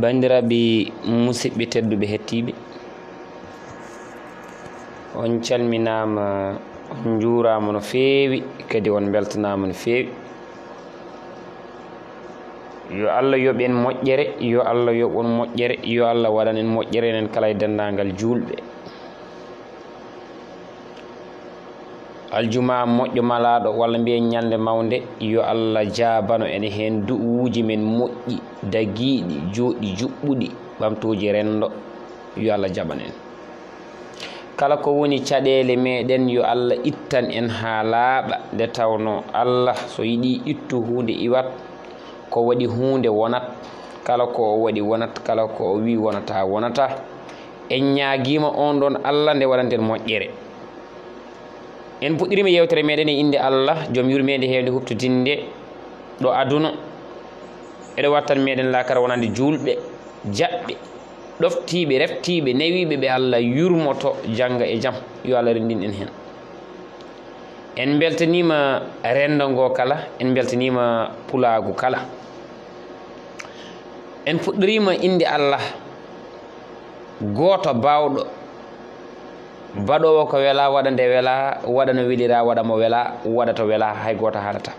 bandiraɓe musidɓe tedduɓe hettiɓe on calminama on jurama no fewi kadi on beltanama no fewi yo allah yooɓen moƴƴere yo allah yooɓon moƴƴere yo allah waɗan en moƴƴere enen kala e dendagal julɓe aljuma moƴƴo malaɗo walla mbiyen ñalde mawde yo allah jabano en hen du'uji men moƴƴi dagiɗi joɗɗi juɓɓuɗi ɓamtuji rendo yo allah jaɓan en kala ko woni caɗele meɗen yo allah ittan en ha laaɓa nde tawno allah so yiɗi ittu hunde iwat ko waɗi hunde wonat kala ko o waɗi wonat kala ko o wi wonata wonata en ñaguima on ɗon allah nde waɗanten moƴƴere en puɗɗirima yewtere meɗen e inde allah joom yuru mede hewde huptodinde ɗo aduna eɗo wattan meɗen lakara wonande julɓe jaɓɓe ɗoftiɓe reftiɓe nawiɓe ɓe allah yurmoto janga e jaam yo allah rendin en hen en beltanima rendo ngo kala en beltanima pulagu kala en puɗɗorima inde allah goto bawɗo baɗowo ko weela waɗa nde weela waɗa no wilira waɗa mo weela waɗa to weela hay goto haɗata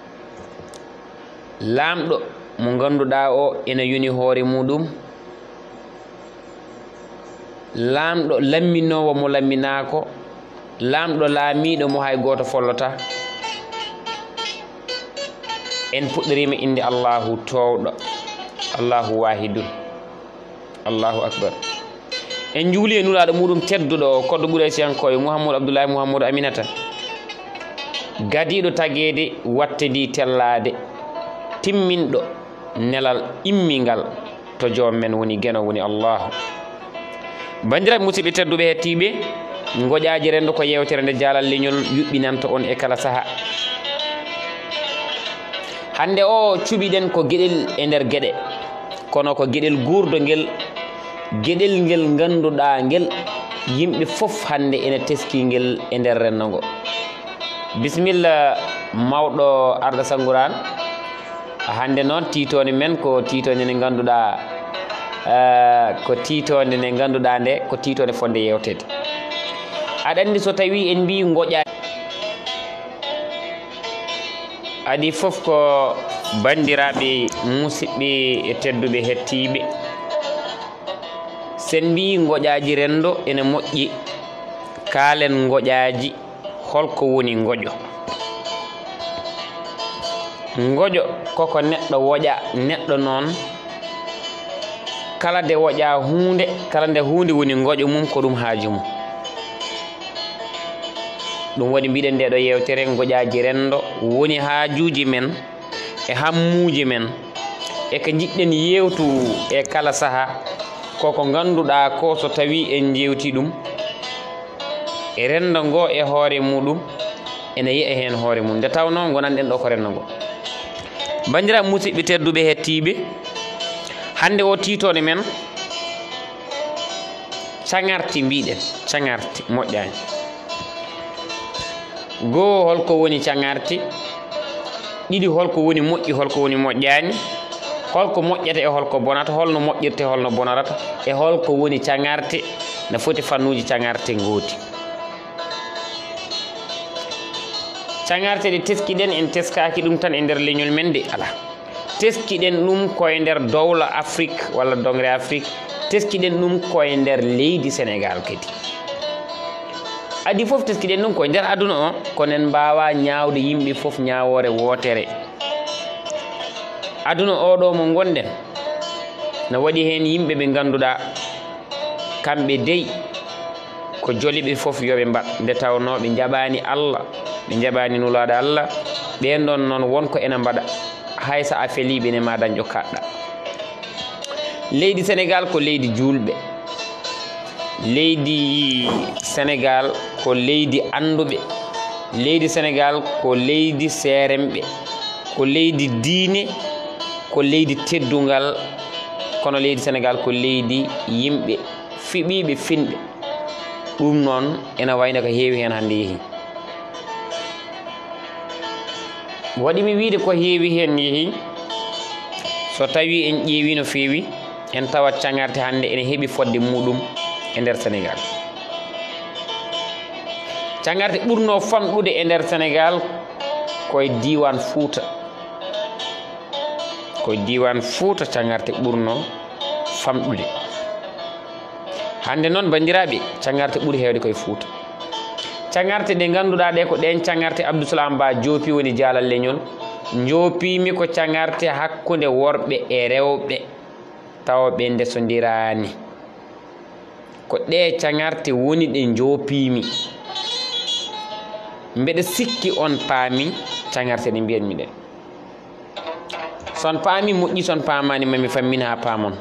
lamɗo mo ganduɗa o ene yuni hoore muɗum lamɗo lamminowo mo lamminako lamɗo laamiɗo mo hay goto follota en puɗɗorima inde allahu towɗo allahu wahidun allahu akbar en juuli e nuraɗo muɗum tedduɗo o koddo ɓuuraysiyankoɓe mouhamadou abdoulahi mouhamadou aminata gadiɗo tagede watte di tellade timminɗo nelal immigal to joom men woni gueno woni allah bandiraɓe musidɓe tedduɓe e hettiɓe goƴaji rendo ko yewtere nde jaalal leñol yuɓɓinanta on e kala saaha hande o cuɓiɗen ko gueɗel e nder gueɗe kono ko gueɗel gurdo ngel geɗel ngel ganduɗa ngel yimɓe foof hande ene teski ngel e nder renno ngo bisimilla mawɗo arda sangouran hande noon titone men ko titode nde ganduɗa eh, ko titode nde ganduɗa nde ko titode fonde yewtede aɗa andi so tawi en mbi goƴa adi foof ko bandiraɓe musidɓe e tedduɓe e hettiɓe sen mbi goƴaji rendo ene moƴƴi kaalen goƴaji holko woni goƴo goƴo koko neɗɗo woƴa neɗɗo noon kala nde woƴa hunde kala nde hunde woni goƴo mum ko ɗum haaju mum ɗum waɗi mbiɗen nde ɗo yewtere goƴaji rendo woni haajuji men e hammuji men eko jiɗɗen yewtu e kala saaha koko ganduɗa ko so tawi en jewti ɗum e rendo ngo e hoore muɗum ene yiya hen hoore mum nde tawno gonanɗen ɗo ko rendo ngo bandiraɓe musidɓe tedduɓe hettiɓe hande o titone men cagarti mbiɗen cagarti moƴƴani goho holko woni cagarti ɗiɗi holko woni moƴƴi holko woni moƴƴani holko moƴƴata e holko bonata holno moƴƴirte holno bonarata e holko woni cagarte ne foti fannuji cagarte goodi cagarte ɗe teskiɗen en teskaki ɗum tan e nder leñol men de ala teskiɗen ɗum koye nder dowla afrique walla dongre afrique teskiɗen ɗum koye nder leydi sénégal kadi adi foof teskiɗen ɗum koye nder aduna o konen mbawa ñawde yimɓe foof ñawore wotere aduna oɗo mo gonɗen no waɗi heen yimɓe ɓe ngannduɗaa kamɓe dey ko joli ɓe fof yo ɓe mbat nde tawnoo ɓe njaɓaani allah ɓe njaɓaani nulaaɗo allah ɓeen ɗoon noon wonko ene mbaɗa hay so a felii ɓene maa dañ jokkaatɗaa leydi sénégal ko leydi juulɓe leydi sénégal ko leydi annduɓe leydi sénégal ko leydi seeremɓe ko leydi diine ko leydi teddungal kono leydi sénégal ko leydi yimɓe fiɓiɓe finɓe ɗum noon ene wayno ko heewi hen hande yeehi waɗimi wiide ko heewi hen yeehi so tawi en ƴeewi no feewi en tawa cagarte hande ene heeɓi fodde muɗum e nder sénégal cagarte ɓurno famɗude e nder sénégal koye diwan fouta ko diwan fouta cagarte ɓurno famɗude hande noon bandiraɓe cagarte ɓuuri hewde koye fouta cagarte ɗe ganduɗa ɗe ko ɗen cagarte abdoussalam ba jopi woni jalal leñol jopimi ko cagarte hakkude worɓe e rewɓe tawɓe ndesodirani ko ɗe cagarte woni ɗe jopimi mbeɗa sikki on paami cagarte ɗe mbiyatmi ɗen son paami moƴƴi son pamani mami fammin ha pamon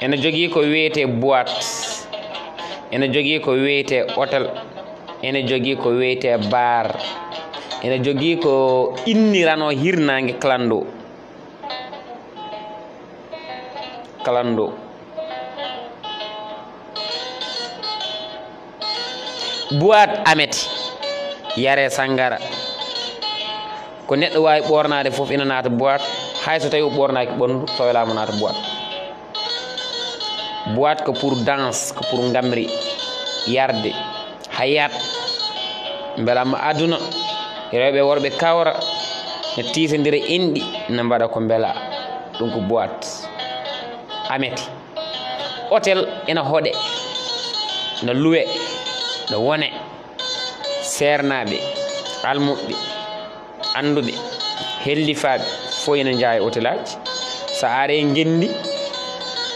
ene jogui ko wiyete boite ene jogui ko wiyete hôtel ene jogui ko wiyete bar ene jogui ko innirano hirnangue klando klando boite ameti yare sangara ko neɗɗo wawi ɓornade foof ina naata boite hayso tawi o ɓornaki ɓonndu sowelama naata boite boite ko pour danse ko pour gamri yarde hayat beelama aduna rewɓe worɓe kawra ne tisodira inɗi ne mbaɗa ko beela ɗum ko boite amete hôtel ina hoɗe no luwe no wone sernaɓe almuɓɓe anduɓe hellifaɓe foo ene jaawi hôtel aji sa are gendi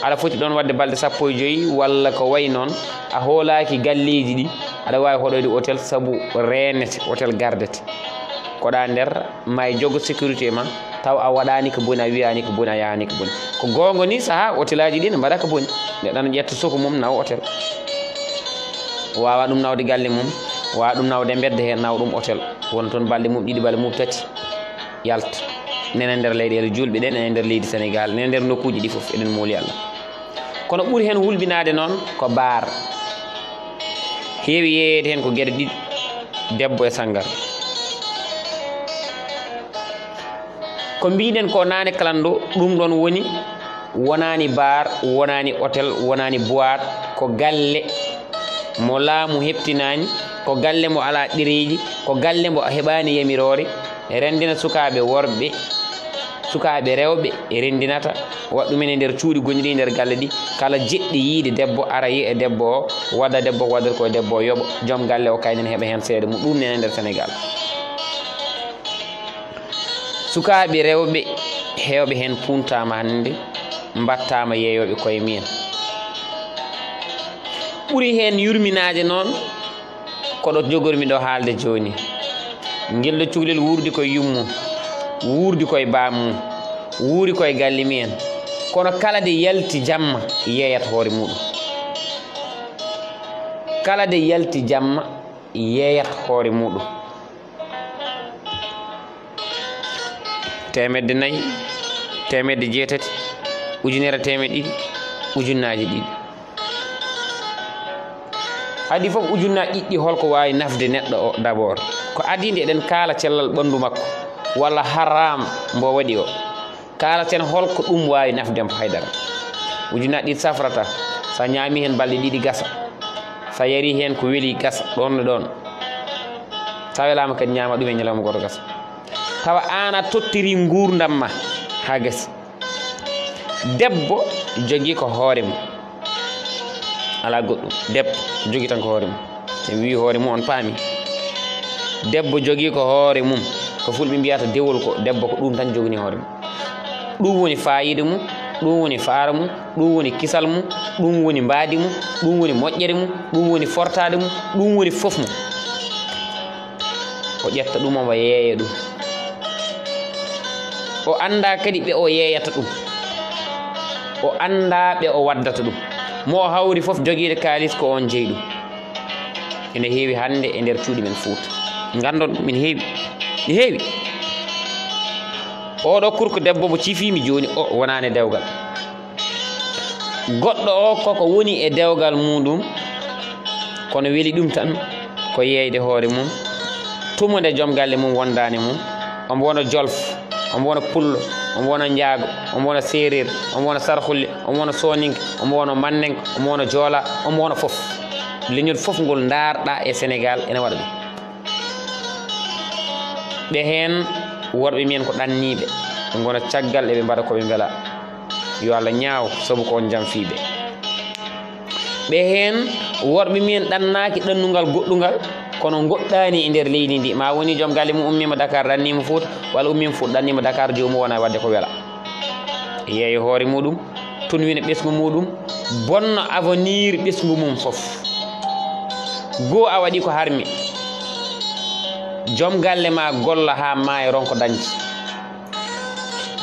aɗa foti ɗon wadde balɗe sappo e joyyi walla ko wayi noon a hoolaki galleji ɗi aɗa wawi hoɗoyde hôtel saabu renete hôtel gardete koɗa nder ma jogo sécurité ma taw a waɗani ko booni a wiyani ko booni a yahani ko booni ko gonga ni saaha hôtel aji ɗi ne mbaɗa ko booni neɗɗo ne ƴetta soko mum naw hôtel wawa ɗum nawde galle mum waa ɗum nawde bedde heen naw ɗum hôtel won toon balɗe mum ɗiɗi balɗe mum tati yalta nene ndeer leyɗele julɓe ɗe nene ndeer leydi sénégal nene ndeer nokkuji ɗi fof eɗen muuli allah kono ɓuri heen wulɓinade noon ko baar heewi yeeyede heen ko gueɗe ɗiɗi debbo e sangar ko mbiɗen ko naane kalando ɗum ɗon woni wonani baar wonani hôtel wonani boit ko galle mo laamu heɓtinani ko galle mo ala ɗiriji ko galle mo heɓani yamirore e rendina sukaɓe worɓe sukaɓe rewɓe e rendinata waɗɗumine nder cuuɗi gonɗiɗi nder galle ɗi kala jeɗɗi yiide debbo ara yi e debbo o wadda debbo o waddata koye debbo o yooɓa joom galle o kaynen heɓa hen seede mum ɗum nene nder sénégal sukaɓe rewɓe hewɓe hen puntama hande mbattama yeeyoɓe koye mien ɓuuri hen yurminade noon koɗo jogormi ɗo haalde joni guelɗo cuklel wuurdi koye yummum wuurdi koye bammum wuuri koye galle mumen kono kala de yalti jamma yeeyat hoore muɗum kala de yalti jamma yeeyat hoore muɗum temedde nayyi temedde jeetati ujunere temeɗe ɗiɗi ujunnaji ɗiɗi adi fof ujunnaji ɗiɗɗi holko wawi nafde neɗɗo o d'abord abord ko adide eɗen kala cellal ɓandu makko walla haram mbo waɗi o kalaten holko ɗum wawi nafdemo haydara ujunnaji ɗiɗi safrata sa nyami hen balɗe ɗiɗi gasa sa yari hen ko weeli gasa don ɗon sa welama kadi ñama ɗum e ñalawma goto gasa tawa an a tottiri gurdam ma ha gasi debbo jogui ko hoore ala goɗɗum debbo jogi tan ko hoore mum so wi hoore mum on paami debbo jogi ko hoore mum ko fulɓe mbiyata dewol ko debbo ko ɗum tan jogini hoore mum ɗum woni fayida mum ɗum woni faara mum ɗum woni kisal mum ɗum woni mbaadi mum ɗum woni moƴƴere mum ɗum woni fortade mum ɗum woni fof mum o ƴetta ɗum omo yeeya ɗum o kadi ɓe o yeeyata ɗum o annda ɓe o waddata ɗum mo hawri fof joguiɗo kalis ko on jeeyɗu ene heewi hande e nder cuuɗi men fouta gandon min heewi ɗi heewi oɗo kurko debbo mo ciifimi joni o wonani e dewgal goɗɗo o koko woni e dewgal muɗum kono weeli ɗum tan ko yeyde hoore mum tumode joom galle mum wondani mum omo wona jolf omo wona pullo omo wona jaago omo wona sérir omo wona sarahulle omo wona soninke omo wona mannenke omo wona joola omo wona fof leñol fof ngol darɗa e sénégal ene waɗa ɗum e ɓe hen worɓe mien ko ɗanniɓe ɓe gona caggal eɓe mbaɗa koɓe beela yo allah ñaaw saabu ko on jam fiɓe ɓe hen worɓe mien ɗannaki ɗannugal goɗɗugal kono goɗɗani e der leydi ndi ma woni jom galle ummi ma dakar wal ummi mu fut danni ma dakar wona wadde ko wela yeeyo mudum muɗum tunwina ɓesgu mudum bonno avenir ɓesgu mum fof go a wadi ko harmi jom galle ma golla ha may ronko danci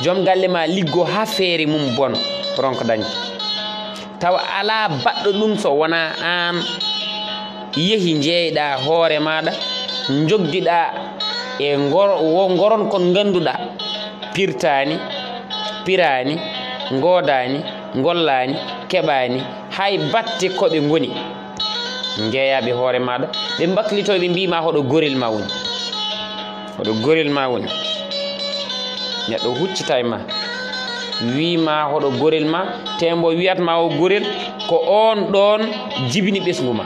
jom galle ma liggo ha feere mum bon ronko danci tawa ala baddo dum so wana an yehi jeeyɗa hoore maɗa jogguiɗa e goron kon ganduɗa pirtani pirani godani gollani keɓani hay batte koɓe goni jeeyaɓe hoore maɗa ɓe baklito ɓe mbima hoɗo gorel ma woni hoɗo gorel ma woni neɗɗo huccita e ma wima hoɗo gorel ma tembo wiyatma o gorel ko on ɗon jibini ɓesgu ma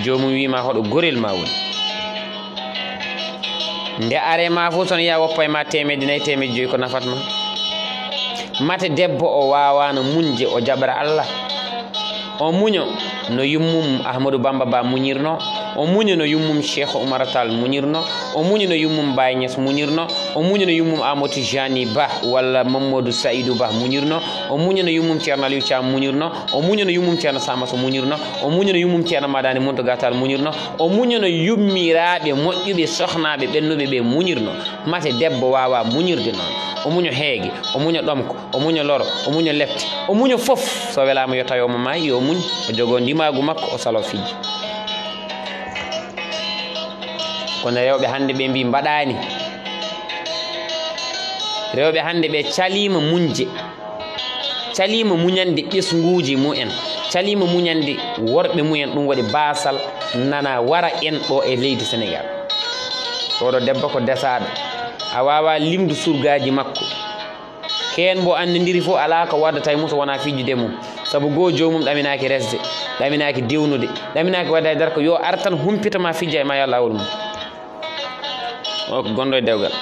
jomum wima hoɗo gorel ma woni nde are ma fo ton ya woppa ma temedde nayyi temedde joyyi ko nafatma mate debbo o wawano muñde o jaɓra allah o muño no yummum ahmadou bamba ba muñirno o muñino yummum cheikh oumar tall muñirno o muñino yummum baye ñas muñirno o muñino yummum amadou jani ba wala mamadou saidou ba muñirno o muñino yummum ceerno aliou thiam muñirno o muñino yummum ceerno samaso muñirno o muñino yummum ceerno madani montoga tall muñirno o muñino yummiraɓe moƴƴuɓe sohnaɓe ɓennuɓe ɓe muñirno mate debbo wawa muñirde noon o muño heege o muño ɗomko o muño loro o muño lefte o muño fof so welama yo tawi omo maayi yo muñ o jogo ndimagu makko o salo fiji kono rewɓe hannde ɓe mbi mbaɗaani rewɓe hannde ɓe caliima muñje caliima muñande ɓesnguuji mu'en caliima muñande worɓe mu'en ɗum waɗi baasal nana wara en ɗo e leydi sénégal oɗo debbo ko desaaɗo a waawa limdu surgaaji makko keen mbo anndidiri fof alaa ko waddata e mum so wonaa fijjude mum sabu goo joomum ɗaminaaki resde ɗaminaaki dewnude ɗaminaaki waɗa e dar ko yo ar tan humpitama fijja e ma yo allah awol mum o ko gonɗo e dewgal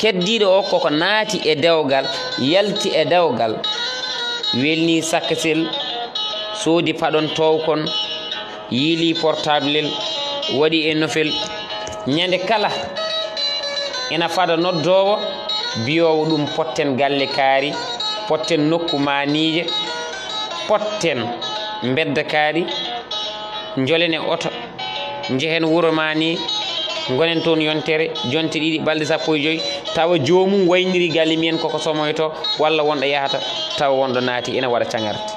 keddiɗo o koko naati e dewgal yalti e dewgal welni sakkasel soodi paɗon towkon yiili portablel waɗi e nofel ñande kala ina fada noddowo biyowo ɗum potten galle kaari potten nokku maniije potten mbedda kaari jolene oto njehen wuuro ma ni gonen toon yontere jonte ɗiɗi balɗe sappo e joyyi tawa joomum wayndiri galle mumen koko somoyto walla wonɗo yahata tawa wonɗo naati ina waɗa cagarte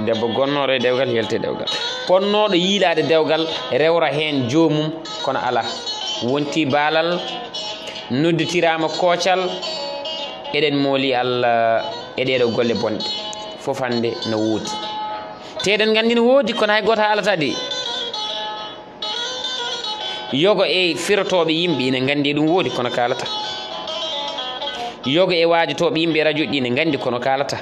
debbo gonnoɗo e dewgal yalte dewgal ponnoɗo yiiɗade dewgal rewra hen joomum kono ala wonti baalal nodditirama koocal eɗen mooli allah e ɗeɗo golle bonɗe fof hande no wuudi teɗen gandi no wodi kono hay goto haalata de yogo e firotoɓe yimɓe ne gandi e ɗum wodi kono kalata yogo e wajotoɓe yimɓe e radio ɗi ne gandi kono kalata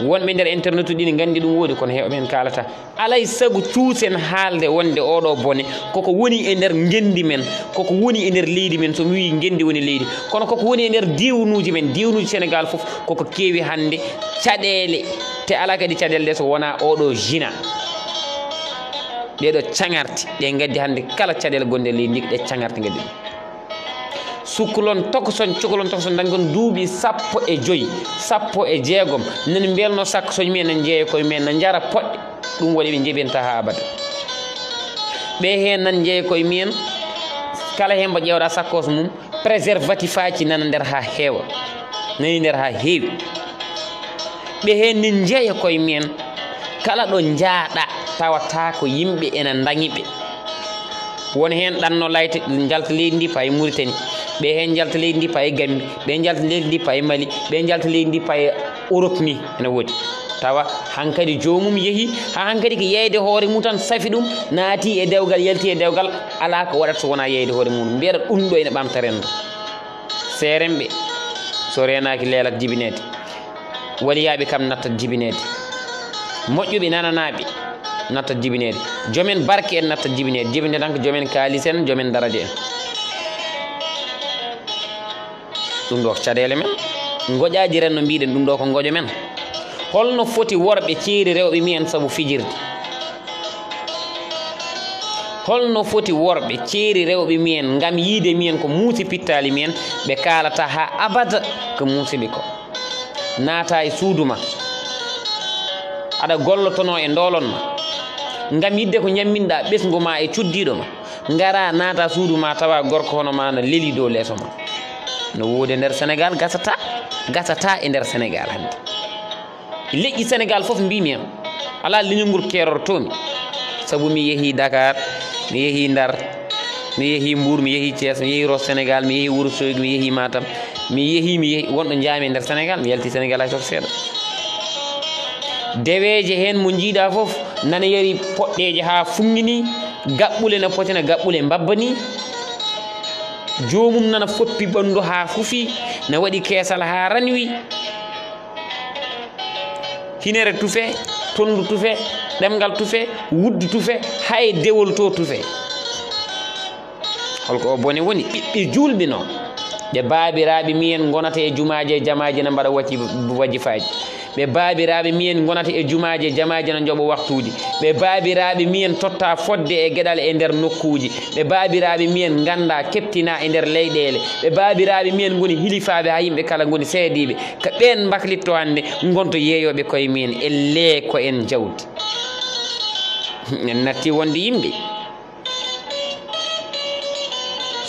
wonɓe e nder internet uɗi ne gandi ɗum wodi kono heeɓa men kalata alay saago cuusen haalde wonde oɗo bone koko woni e nder gendi men koko woni e nder leydi men somi wi gendi woni leydi kono koko woni e nder diwnuji men diwnuji sénégal foof koko keewi hande caɗele te ala kadi caɗele ɗe so wona oɗo jina ɗeɗo cagarti ɗe gaddi hande kala cadel gonde ley ndi ko ɗe cagarti sukulon ɗum sukkulon cukulon cukalon tokoson dañkon duuɓi sappo e joy sappo e jeegom belno sak soñ men ne jeeya koy men ne jara pod dum waɗi be jebinta ha abada be hen nan jeeya koy men kala hemba mbo ƴewɗa sakkos mum préservatif ci nana der ha hewa nani der ha hewi be hen nin jeeya koy men kala do jaaɗa tawata ko yimɓe ena dañi ɓe won hen ɗanno layte jalta leydi ndi paye mouritani ɓe hen jalta leydi ndi paye gammi ɓe jalta leydi ndi paye mali ɓe jalta leydi ndi paye europe ni ene woodi tawa hankkadi jomum yeehi ha hankkadi ko yeyde hoore mum tan safi ɗum naati e dewgal yalti e dewgal ala ko waɗata so wona yeyde hoore muɗum mbiyata ɗum ɗo ene ɓamta rendo serenɓe so renaki leelat jibinede waliyaɓe kam natta jibinede moƴƴuɓe nananaɓe nata jibinede jomen barke en nata jibinede jibine dank jomen kalisen jomen daraje dum do ɗo men ngoja jiren no mbiɗen dum do ko goƴo men holno foti worɓe rewbe mi en sabu fijirde holno foti worɓe rewbe mi en ngam mi en ko pitali pittali miyen ɓe kalata ha abada ko muusiɓe ko naata e suudu ma e ndolon ngam yidde ko ñamminɗa ɓesgu ma e cuddiɗo ma gara nata suudu ma tawa gorko hono ma no leeli dow leeso ma no wode nder sénégal gasata gasata e nder sénégal hande leƴƴi sénégal foof mbimi hen ala leñolngol kerortomi saabu mi yeehi dakar mi yeehi ndar mi yeehi mbour mi yeehi thies mi yeehi ro sénégal mi yeehi wouro soygue mi yeehi matam mi yeehi mi yeehi wonɗo jaami e nder sénégal mi yalti sénégal hay soto seeɗa deweje hen mo jiiɗa foof nana yari poɗɗeje ha funŋini gaɓɓule na potina gaɓɓule babba ni jomum nana foppi ɓandu ha fufi na waɗi keesal ha ranwi hinere tufe tondu tufe ɗemgal tufe wuddu tufe hay dewol to tufe holko o bone woni ɓiɓɓi julɓe noon ɓe baabiraɓe mi en gonata e jumaje e jamaji ne mbaɗa waji waji faji ɓe baabiraaɓe mien gonata e jumaaje jamaaje no joɓo waktuuji ɓe baabiraaɓe mien totta fodde e geɗal e nder nokkuuji ɓe baabiraaɓe mien ngannda keptina e nder leyɗeele ɓe baabiraaɓe mien ngoni hilifaaɓe haa yimɓe kala ngoni seediiɓe ko ɓeen mbaklitto hannde ngonto yeeyooɓe koye mien e lee ko en jawdi en natti wonde yimɓe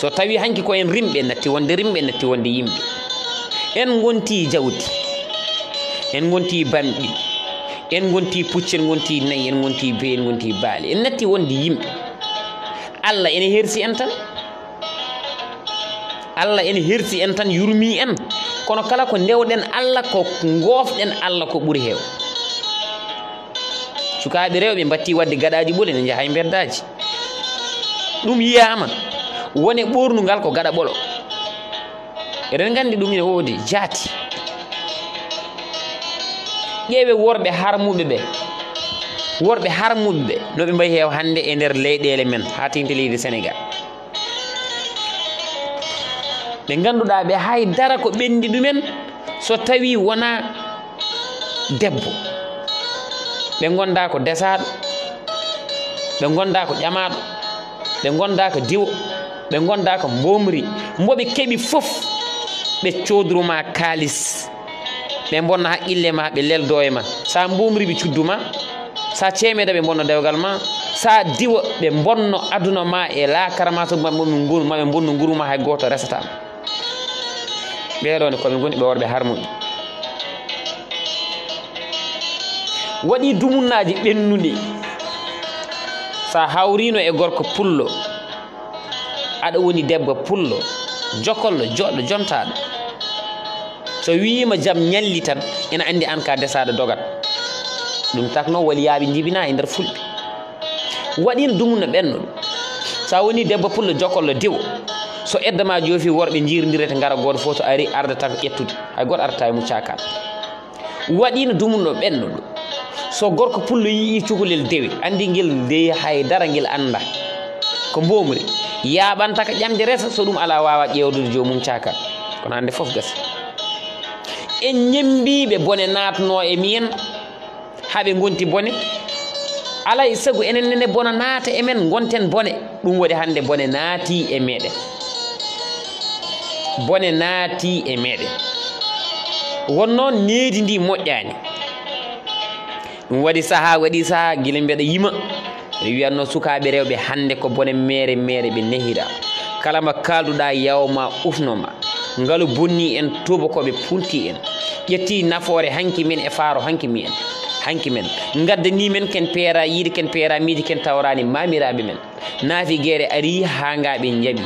so tawi hanki ko en rimɓe natti wonde rimɓe natti wonde yimɓe en ngontii jawdi en gonti banɗi en gonti pucci en gonti nayi en gonti bey en gonti baali en natti wonde yimɓe allah ene hersi en tan allah ene hersi en tan yurmi en kono kala ko ndewɗen allah ko goofɗen allah ko ɓuuri heew sukaɓe rewɓe batti wadde gaɗaji ɓoole ne jaahay e beddaji ɗum yiyama wone ɓornugal ko gaɗa ɓolo eɗen gandi ɗum ene woodi jaati ƴeewe worɓe harmuɓe ɓe worɓe harmuɓe ɓe no ɓe mbayi heew hannde e ndeer leyɗeele men haa tinte leydi sénégal ɓe ngannduɗaa ɓe hay dara ko ɓenndi ɗumen so tawii wonaa debbo ɓe ngonndaa ko desaaɗo ɓe ngonndaa ko ƴamaaɗo ɓe ngonndaa ko diwo ɓe ngonndaa ko mboomri mbo ɓe keɓi fof ɓe coodrumaa kaalis ɓe bonna haqqille ma ɓe leldo e ma sa bumriɓe cuddu ma sa ceemeda ɓe bonno dewgal ma sa diwa ɓe bonno aduna ma e lakara ma soɓe bonno guruma hay goto resatama ɓeɗone koɓe goni ɓe worɓe harmuɗe waɗi dumunnaji ɓennuɗi sa hawrino e gorko pullo aɗa woni debbo pullo jokollo joɗɗo jontaɗo so wima jaam ñalli tan ene andi an ka desaɗo dogat ɗum taknoon wali yaaɓi jibina e nder fulɓe waɗino dumno ɓenno ɗum sa woni debbo pullo jokollo diwo so eddama joofi worɓe jirdirete gara goto fo so ari ardata ko ƴettude hay goto ardata e mu cakal waɗino dumno ɓenno ɗum so gorko pullo yii cukalel dewe andi guel dewi haydara guel anda ko mbomri yaɓanta ko ƴamde resa so ɗum ala wawa ƴewdude jomum cakal kono hande foof gasa en ñembiɓe bone natano e miyen haaɓe gonti bone alay saago enen nene bona naata emen gonten bone ɗum waɗi hande bone naati e meɗen bone naati e meɗen wonno needi ndi moƴƴani ɗum waɗi saaha waɗi saaha guila mbeɗa yima ɓe wiyanno sukaɓe rewɓe hande ko bone mere mere ɓe nehira kala mo kalduɗa yawma ufnoma ngalu bonni en tubakoɓe pulti en ƴetti nafoore hanki min e faaro hanki mien hanki men gaddani men ken peera yiide ken peera miidi ken tawrani mamiraɓe men naafi guere ari ha gaɓe jaaɓi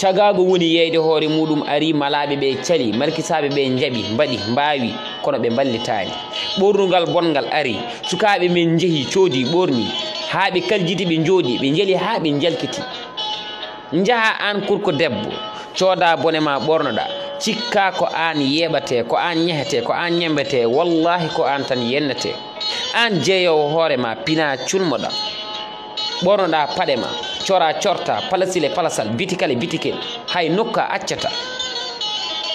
cagago woni yeyde hoore muɗum ari malaɓe ɓe cali markisaɓe ɓe jaaɓi mbaɗi mbawi kono ɓe ballitani ɓornugal bongal ari sukaɓe men jeehi coodi ɓorni ha ɓe kaljiti ɓe jooɗi ɓe jeeli ha ɓe jalkiti jaaha an korko debbo cooda bone ma ɓornoɗa cikka ko an yeɓate ko an ñehete ko an ñembete wallahi ko an tan yennete an jeeyowo hoorema pina cunmoɗa ɓornoɗa paɗema cora corta palasile palasal bitikale bitikel hay nokka accata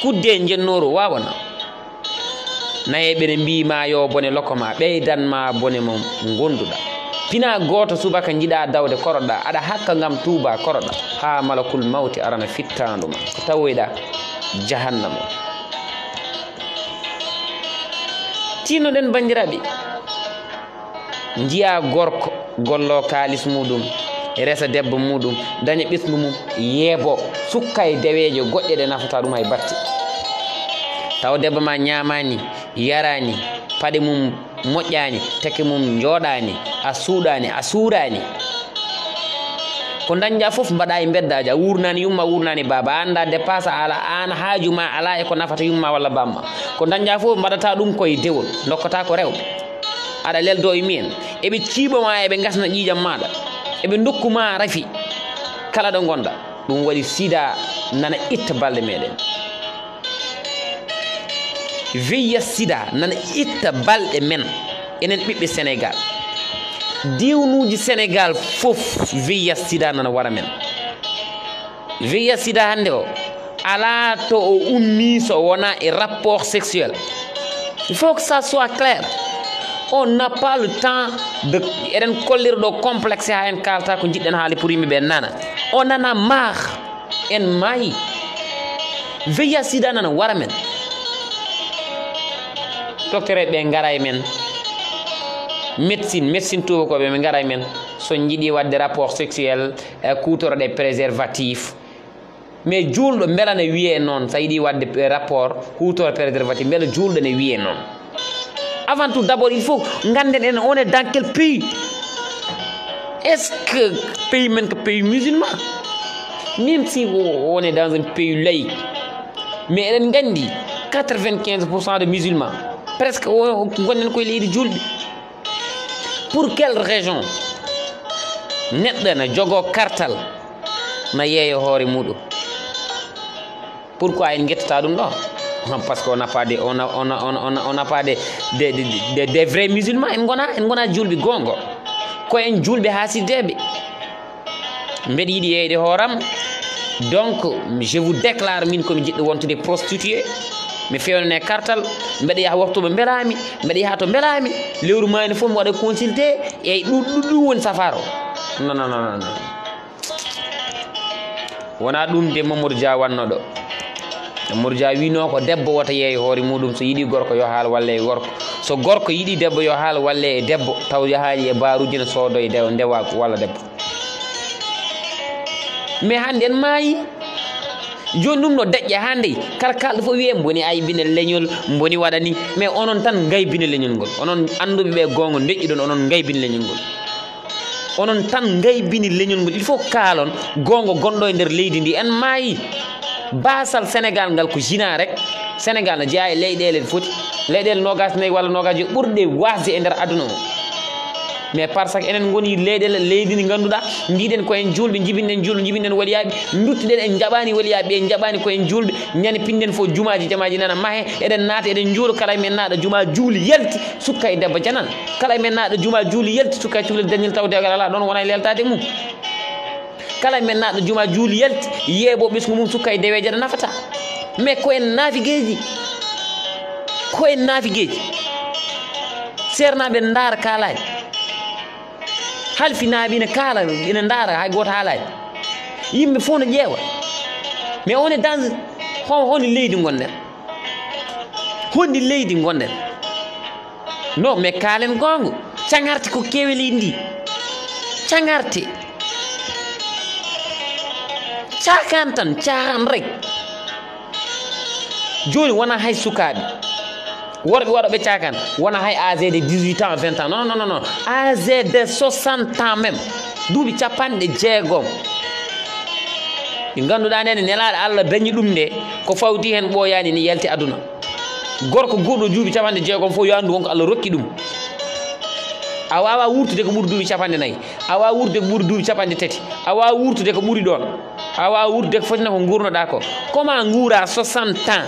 kudde e jennoru wawana nayeɓene mbimayo bone lokoma ɓeydanma bone mo gonduɗa pina goto subaka jiiɗa dawde koroɗa aɗa hakka gam tuuba koroɗa ha malakul mawti arana fittanduma ko tawoyɗa jahannama tinnoɗen bandiraɓe jiya gorko gollo kalis muɗum resa debbo muɗum daña ɓesdu mum yeebo sukka e deweje goɗɗe ɗe nafata ɗum hay batte taw debbo ma ñamani yarani paɗe mum moƴƴani taki mum jooɗani a suuɗani a suurani ko dañƴa foof mbaɗa e beddaji a wurnani yumma wurnani baba anda dépense ala an haaju ma ala e ko nafata yumma walla bamma ko dañƴa foof mbaɗata ɗum koye dewol dokkata ko rewɓe aɗa leldo e mien eɓe ciiɓo ma eɓe gasna ƴiƴam maɗa eɓe dokku ma rafi kala ɗo gonɗa ɗum waɗi sida nana itta balɗe meɗen veya sida nana itta balɗe men enen ɓiɓɓe sénégal diwnuji sénégal fof veya sida nana wara men veya sida hande o ala to o ummi so wona e rapport sexuel il faut que ça soit clair on n'a pas le temps de eɗen kolliriɗo complexe ha en kalata ko jiɗɗen haali pour yimɓeɓe nana o nana maar en maayi veya sida nana wara men docteur ɓe garay médecine, men médecine médecine tubakoɓe ɓe ngara e men so jiiɗi wadde rapport sexuel des préservatif mais julɗo beela ne wiye noon sa yiɗi wadde e rapport préservatifs. préservatif beela julɗo ne wiye noon avant tout d'abord il faut en on est dans quel pays est ce que pays men pays musulman même si on est dans un pays laïque mais eɗen gandi 95 de musulmans presque gonnen koye leydi julɓe pour quelle raison neɗɗo ne jogo kartal na yeeyo hoore muɗum pourquoi en guettata ɗum ɗo par ce que on a pas de on a, on a, on a, on a pas de des de, de, de vrai musulman en gona en gona julɓe gongo ko en julɓe haasideɓe mbeɗa yidi yeyde hooram donc je vous déclare min komi jiɗɗo wontude prostituée mi fewnane kartal mbeɗa yaha waftu ɓe belami mbeɗa yaha to belami lewru mani fof mi waɗa consulté eyyi ɗuɗɗu ɗum woni safare o non non non non wona ɗum de mamadou dia wanno ɗo mamadou dia wino ko debbo wota yeeye hoore muɗum so yiiɗi gorko yo haal walla e gorko so gorko yiiɗi debbo yo haal walla e debbo taw yahaali e baruji ne soodo e ndewa walla debbo mais hannde en maayi joni ɗum ɗo daƴƴe hande kala kalɗo fof wiye boni ay bine leñol boni waɗani mais onon tan gay bine leñol ngol onon anduɓeɓe gonga deƴƴiɗon onon gay bine leñol ngol onon tan gay bini leñol ngol il faut kaalon gonga gonɗo e nder leydi ndi en maayi basal sénégal ngal ko jina rek sénégal ne jeeya e leyɗele foti leyɗele nogas nayyi walla nogas joyi ɓurɗe wasde e nder aduna o mais par ce que enen goni leyɗele leydi ndi ganduɗa jiiɗen koyen julde jibinɗen julde jibinɗen waliyaɓe duttiɗen en jaɓani waliyaɓe en jaɓani koyen julde ñani pinɗen fo jumaji jamaji nana mahe eɗen naata eɗen juulo kala men naaɗa juma juuli yalti sukka e debbo janan kala men naaɗa juma juuli yalti sukka e cuhlel dañel taw dewgal e ala ɗon wona e leltade mum kala men naaɗa juma juuli yalti yeebo ɓesgu mum sukka e deweje ɗa nafata mais koyen naafigueji koyen naafigueji sernaɓe daara kalaji halfinaaɓe ina kaala ina ndaara hay gooto haalaaji yimɓe fof no ƴeewa mais on est dans hon honi leydi gonɗen honni leydi gonɗen non mais kaalen gonga cagarte ko kewe leydi ndi cagarte cakan tan cakan rek joni wona hay sukaaɓe worɓe waɗoɓe cakan wona hay agé de 18 ans 20 ans non non non agé de 60 ans même duuɓi capanɗe jeegom ɗi ganduɗa nene nelaɗo allah dañi ɗum nde ko fawdi hen ɓoyani ne yalti aduna gorko guurɗo juuɓi capanɗe jeegom fo yo andu wonko allah rokki ɗum a wawa wurtude ko ɓuuri duuɓi capanɗe nayyi a wawa wurtude ko ɓuuri duuɓi capanɗe tati a wawa wurtude ko ɓuuri ɗon a wawa wurtude ko fotina ko gurnoɗa ko comment guura 60 ans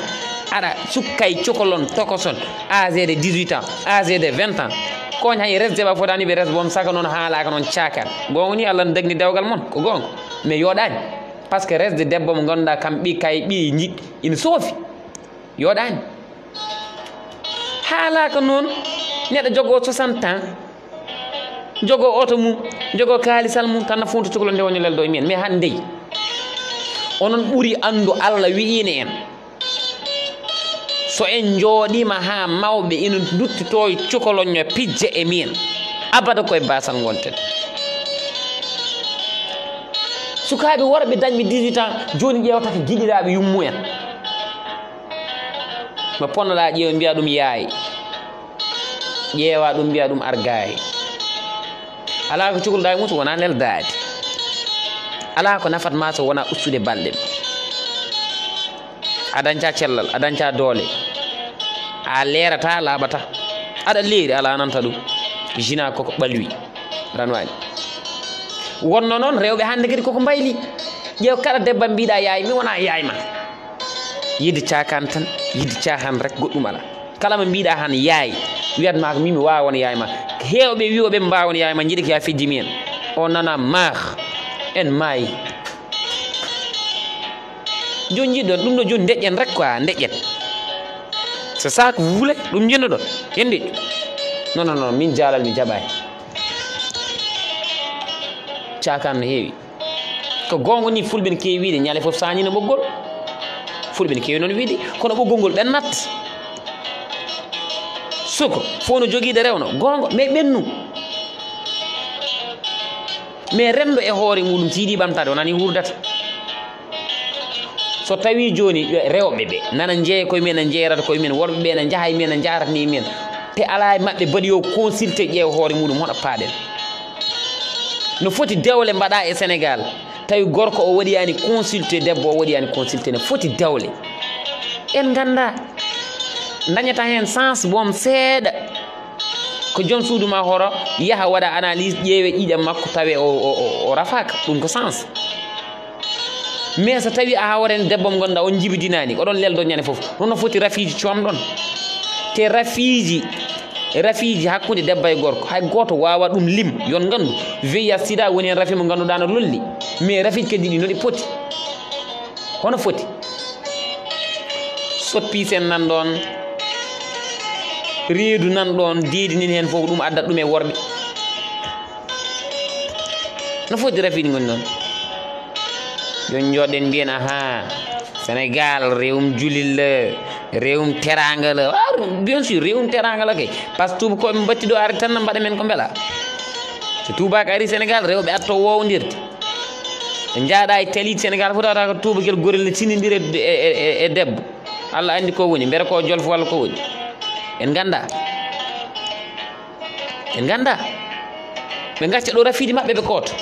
hara sukkay cukolon tokoson agé de 18 ans agé de 20 ans koñ hay resdeba fotani ɓe resbom saka noon haalaka noon cakal gongo ni allah ne dagni dewgal moon ko gonga mais yoɗani par ce que resde debbo mo ganduɗa kam ɓi kay ɓi jiɗɗi ina soofi yoɗani haalaka noon neɗɗo jogo 60 ans jogo auto mum jogo kalisal mum tanna funta cukolo ndewoñolel ɗo e mien mais hande onon ɓuuri andu allah wiine en so en jooɗima ha mawɓe ina duttito e cukoloño pijje e min abada koye basan wonten sukaaɓe worɓe dañɓe 18 ans joni ƴewtata giɗiraɓe yummu en mo ponnoɗa ƴeewa mbiya ɗum yaayi ƴeewa ɗum mbiya ɗum argayi ala ko cukalɗa e mum so wona neldaade ala ko nafat ma so wona ustude balɗe ma a dañca cellal a dañca doole a leerata laaɓata aɗa leeri ala nanta ɗum jina koko ɓalwi ranwani wonno noon rewɓe hande kadi koko mbayli ƴew kala debba mbiɗa yaay mi wona yaay ma yidde cakan tan yidde cahan rek goɗɗum ala kala ma mbiɗa han yaay wiyatmako mimi wawon yaay ma hewɓe wiwoɓe mbawon yaay ma jiɗi ko ya fejjimi hen o nana maah en maayi joni jiɗɗon ɗum ɗo joni deƴƴen rek quoi deƴƴen c' est ça ko wuulay ɗum jinnoɗo yendi non non non min jaalal mi jaɓay cakam no heewi ko gonga ni fulɓe ne kewi wiide ñaale foof sañino ɓoggol fulɓe ne kewi noon wiide kono ɓoggol ngol ɓennat soko fof no joguiɗo rewno gonga mais ɓennu mais remdo e hoore muɗum siiɗi ɓamtade wonani wurdata so tawi joni rewɓe ɓe nana jeeya koye mumen na jeeyrata koye mumen worɓeɓe ne jaaha e mumen ne jaratani e mumen te ala mabɓe baɗi yo consulté ƴeewa hoore muɗum hoɗa paaɗen no foti dewle mbaɗa e sénégal tawi gorko o waɗiyani consulté debbo o waɗiyani consulté ne foti dewle en ganda dañata hen sens boom seeɗa ko joom suuduma hoto yaaha waɗa analyse ƴeewe ƴiiƴam makko tawe o rafaka ɗum ko sens mais so tawi a hawren debbo mo ganduɗa on jibidinani oɗon leldon ñane foof honno foti rafiji comɗon te rafiji rafiji hakkude debba e gorko hay goto wawa ɗum lim yon gandu veilla sida woni hen rafi mo ganduɗa no lolli mais rafiji kedi ɗi noɗi pooti hono foti sot pisen nanɗon reedu nanɗon deedinin hen foof ɗum addat ɗum e worɓe no foti rafiji goni noon ɗon den bien aha Senegal, rewum julil la rewum teranga ah, la bien sûr rewum teranga la kay par ce ko tuuba koɓe mbatti ɗo ari tan no mbaɗa men ko beela so tubak ari sénégal rewɓe atto wo ɓe jaaɗa ay taliɗe senegal fof tawata ko gel gorel ndire e, e, e, e deb allah andi ko woni mbere ko jolf walla ko woni en ganda en ganda be gacca do rafidi mabbe be koto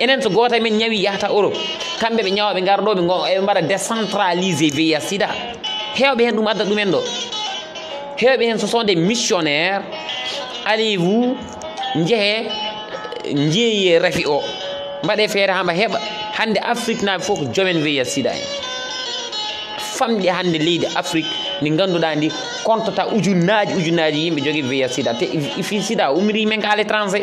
enen to goto men ñawi yahata europe kamɓe ɓe ñawaɓe garɗoɓe eɓe mbaɗa décentralisé veya sida hewɓe hen ɗum adda ɗumen ɗo hewɓe hen ce sont des missionnaire allez vous jeehe jeeyi rafi o mbaɗe feere hamba heɓa hande afrique naaɓe fof ko joomen weya sida en famɗi hande leydi afrique ndi ganduɗa ndi kontata ujunnaji ujunnaji yimɓe jogui weya sida te sida umri men ka haala étranger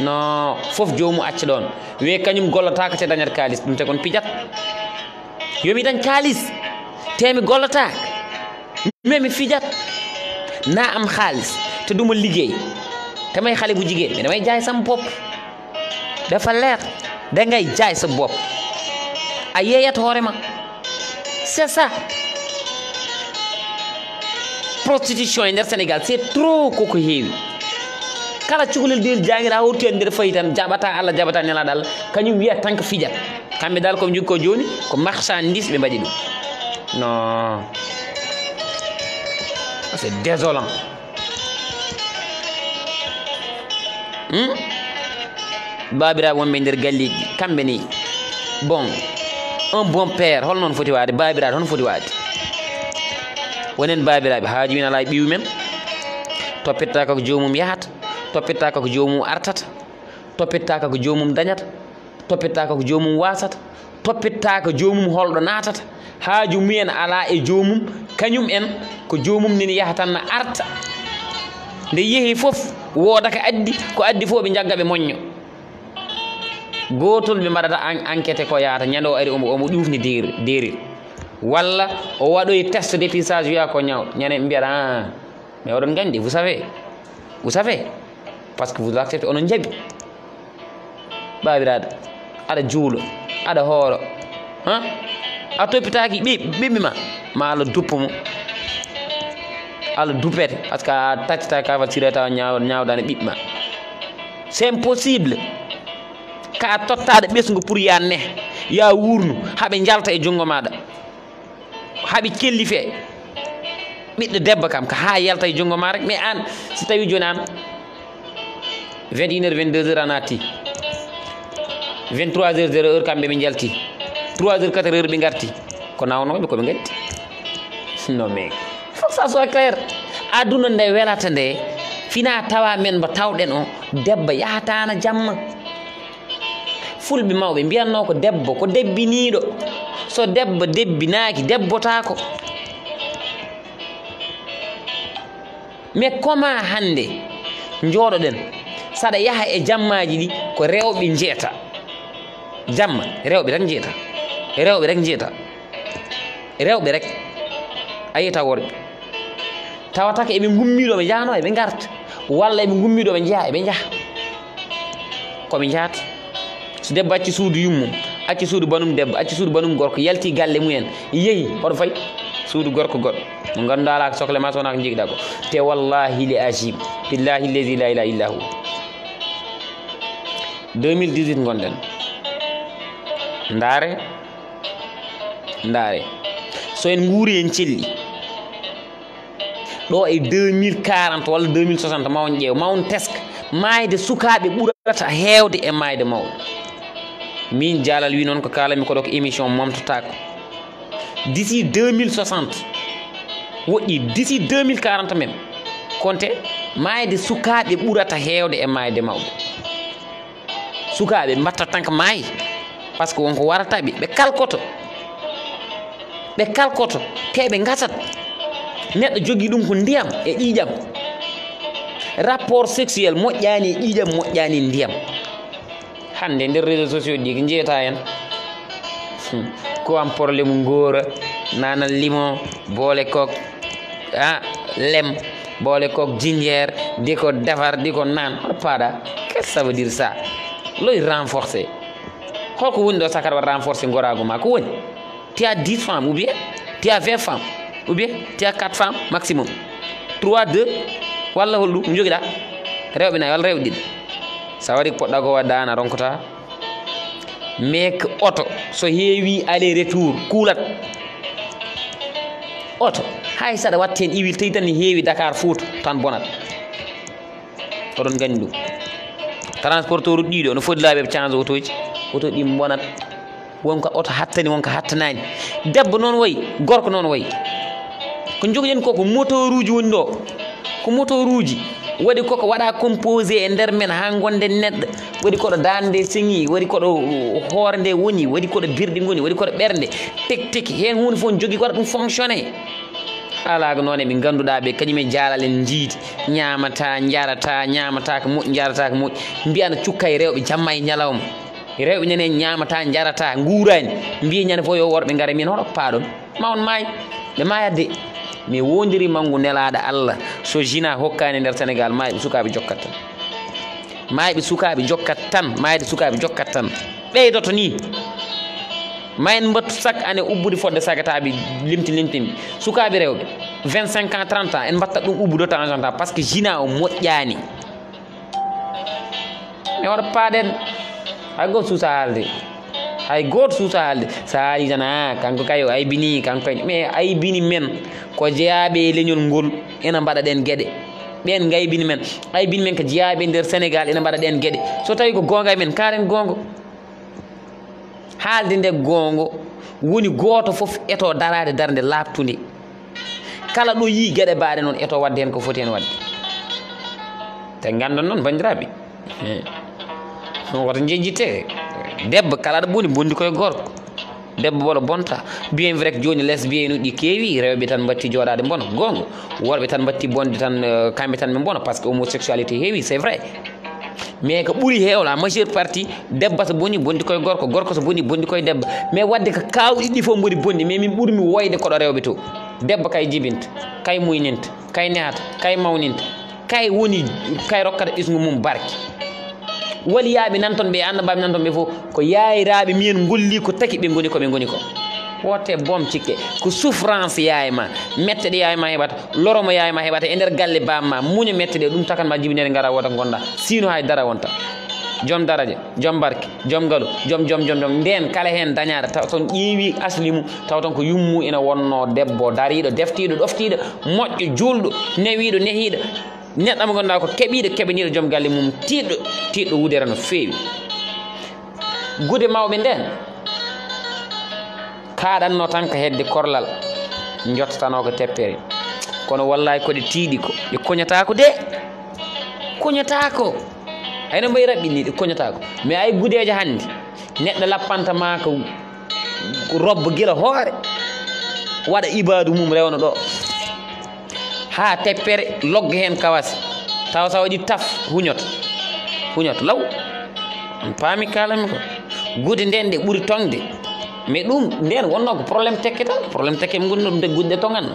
no fof joomu acca ɗon we kañum gollotaka te dañat kalis ɗum te kon pijat yomi dañ kalis temi gollotaka mimi fijat na am xaalis te duma liggéey te may xale bu jigéen mais damay jaay sam bopp dafa leer da ngay jaay sa bopp a yeeyat hoorema c'est ça prostitution yi nder sénégal c'est trop koko heewi kala cukalel del jangir a hortu en nder fayi tan jaɓata allah jaɓata neladal kañum wiya tan que fiƴat kamɓe dal koɓe jogui ko joni ko marchandise ɓe mbaɗi ɗum non c'est désolant hmm? babiraɓe wonɓe nder galleji kamɓe ni bon un bon père hol noon foti wade babiraɓe hono foti wade wonen babiraɓe haaji min ala e ɓiwu men toppittaka ko jomum yahata Topita ko joomu artata topita ko joomum dañata topita ko joomum wasata ko joomum holdo natata haaju mumen ala e joomum kanyum en ko joomum nini yahatan na arta nde yehi fof wooda ko addi ko addi fof be jagga monnyo moñño gotol ɓe mbaɗata enquête ko yaata ari o mo omo dir diri walla o waɗoy test dépisage wi'a ko nyaaw nyane ɓe mbiyata a gandi vous savez vous savez parce que vous acceptez onon jaɓi babiraɗo aɗa juulo aɗa hooro han a toppitaki bi ah. ma ya, ya, ma allah duppa mo allah duppete par ce que a taccita kafa sirata ñawdani bi ma c'est impossible ka tottaɗo ɓesgu pour ya ne ya wurnu haɓe jalta e junngo maɗa haɓe kelli fee ɓiɗɗo debbo kam ko ha yalta e junngo ma rek mais an si tawi joni an 21 heure 22 heure a natti 23 heures 0 heure kamɓe ɓe jalti 3 heures 4 heure ɓe garti ko nawanoɓe koɓe garti non mais faut que ça soit clair aduna nde welata nde fina tawa men mbo tawɗen o debbo yahatana jamma fulɓe mawɓe mbiyanno ko debbo ko debbiniɗo so debbo debbinaki debbotako mais comment hande jooɗoɗen sada yaha e jammaji ɗi ko rewɓe njeta jamma rewɓe tan reo rewɓe rek reo rewɓe rek a yiyata worɓe e, e ko eɓe be jano jahano be garta walla e be gummiɗo e be eɓe ko koɓe jahata so debbo acci suudu yummu acci suudu banum debbo acci suudu banum gorko yalti galle mumen yeehi hoɗo fay suudu gorko god ngandala ganduɗa ala ko sohle ma sowona ko ko te wallahi li ajib billahi allazi la ilaha illa huwa 2018 gonɗen ndaare ndaare so en guuri en celli ɗo e 2040 walla 2060 mawn ƴeew mawn teske maayde sukaaɓe ɓurata heewde e maayde mawɗo min jaalal wi noon ko kaalami koɗo ko émission momtotako d'ici 2060 woɗɗi d'ici 2040 men konte maayde sukaaɓe ɓurata heewde e maayde mawɗo sukaɓe mbatta tan ko maayi par ce que wonko warata ɓe ɓe kalkoto ɓe kalkoto te ɓe gasat neɗɗo jogui ɗum ko ndiyam e ƴiƴam rapport sexuel moƴƴani e ƴiƴam moƴƴani ndiyam hande nder réseau sociaux ɗi ko jeeta hen ko am probléme goora nana limon boole kok a lem boole kok jingere ndi ko dafar ndi ko nan paɗa qe ça veut dire ça loy renforcé holko woni ɗo sakara wa renforcé gorago ma ko woni tiya 10 femme ou bien tiya 20 femme ou bien tiya 4 femme maximum 3 2 walla hollu ɗum joguiɗa rewɓe nayi walla rewɗiɗ sa waɗi ko poɗɗa ko waddana ronkota mais que auto so heewi aller retour kuulat auto hay saɗa watte hen iwil tawi tan ne heewi dakar fouto tan bonat oɗon gandi ɗum transporteur ru ɗiɗo no foti laaɓeɓe change auto ji auto ɗi bonat wonko auto hattani wonko hattanani debbo noon wayi gorko noon wayi ko jogoɗen ko ko moteur uji woni ɗo ko moteur uji waɗi koko waɗa composé e nder men ha gonden neɗɗo waɗi koɗo dande seŋi waɗi koɗo hoore nde woni waɗi koɗo birɗi goni waɗi koɗo ɓerde tek tek hen hunde fof jogui koɗa ɗum fonctionné alaga noon eɓe ganduɗa ɓe kañum e jaalal en jiidi ñamata jarata ñamata ko moƴƴi jarata ko moƴƴi mbiyana cukka e rewɓe jamma e ñalawma rewɓe nane ñamata jarata guurani mbiye ñane fo yo worɓe gaare min hoɗo paɗon ma on maayi ɓe mayadde mi wondiri manggu nelaɗo allah so jina hokkani e nder sénégal maayiɓe sukaɓe jokkat tan maayiɓe sukaɓe jokkat tan maayde sukaɓe jokkat tan ɓeydoto ni mayen mbat chaque année ubbude fodde sagataɓe limti suka bi rewɓe 25 ans 30 ans en batta dum ubbude do tan janta parce que jina o moƴƴani mi e waɗa paaɗen hay goto suusa haalde hay goto suusa haalde so haali tan kanko kay o bini kanko me ay bini men ko jiaabe e leñol ngol ena den gede ben ɓen bini men bini men ko jiaabe der senegal ena bada den gede so tay ko gonga e men karen gongo haalde nde goongo woni gooto fof eto daraade e darnde laaɓtunde kala ɗo yii geɗe baade noon eto wadde hen ko foti hen wadde te ganndon noon banndiraaɓe woto jejjite debbo kala ɗo bundi bondi koye gorko debbo boɗo bonta bien vrai joni les bien uɗi keewi rewɓe tan mbatti jooɗade bona goonga worɓe tan mbatti bonde tan eh, kamɓe tan ɓe bona par ce que homosexualité heewi c'est vrai mais ko ɓuuri heewla majeur partie debba so bonni bonndi koye gorko gorko so bonni bonndi koye debba mais wadde ko kaawɗi ɗi fof mboɗi bonni mais min ɓuurimi woyde koɗo rewɓe to debba kay jibinta kay muyninta kay nehata kay mawninta kay woni kay rokkata ɓisngu mum barke waliyaaɓe nan toon ɓe e annabaaɓe nan toon ɓe fof ko yayiraaɓe miyen ngolli ko taki ɓe ngoni ko ɓe ngoni ko hotte bom cikke ko souffrance yayma mette ɗe yawma heɓata loromo yawma heɓata e nder galle bamma muño mette ɗe ɗum takanma jibinede gara woda gonɗa sino hay dara wonta joom daraja joom barke joom galu joom joom joom joom nden kala hen dañaɗa taw ton ƴeewi asli mum taw ton ko yummu ina wonno debbo dariɗo deftiɗo ɗoftiɗo moƴƴo julɗo newiɗo nehiɗo neɗɗo mo ganduɗa ko keɓiɗo keɓaniɗo joom galle mum tiɗɗo tiɗɗo wudera no fewi gude mawɓe nden kaɗanno tan ko hedde korlal jottatanoko teppere kono wallay koɗe tiiɗi ko ɗe koñatako de koñatako ayno mbay raɓɓini ɗe koñatako mais ay gudeje hannde neɗɗo lappantama ko robba gila hoore waɗa ibadu mum rewno ɗo ha teppere logga hen kawase taw sa waɗi taf huñoto huñoto law paami kalami ko gude nden nde ɓuuri tongde me ɗum nden wonno ko probléme tekke tan probléme tekke mi gonno ɗum de gudde to gan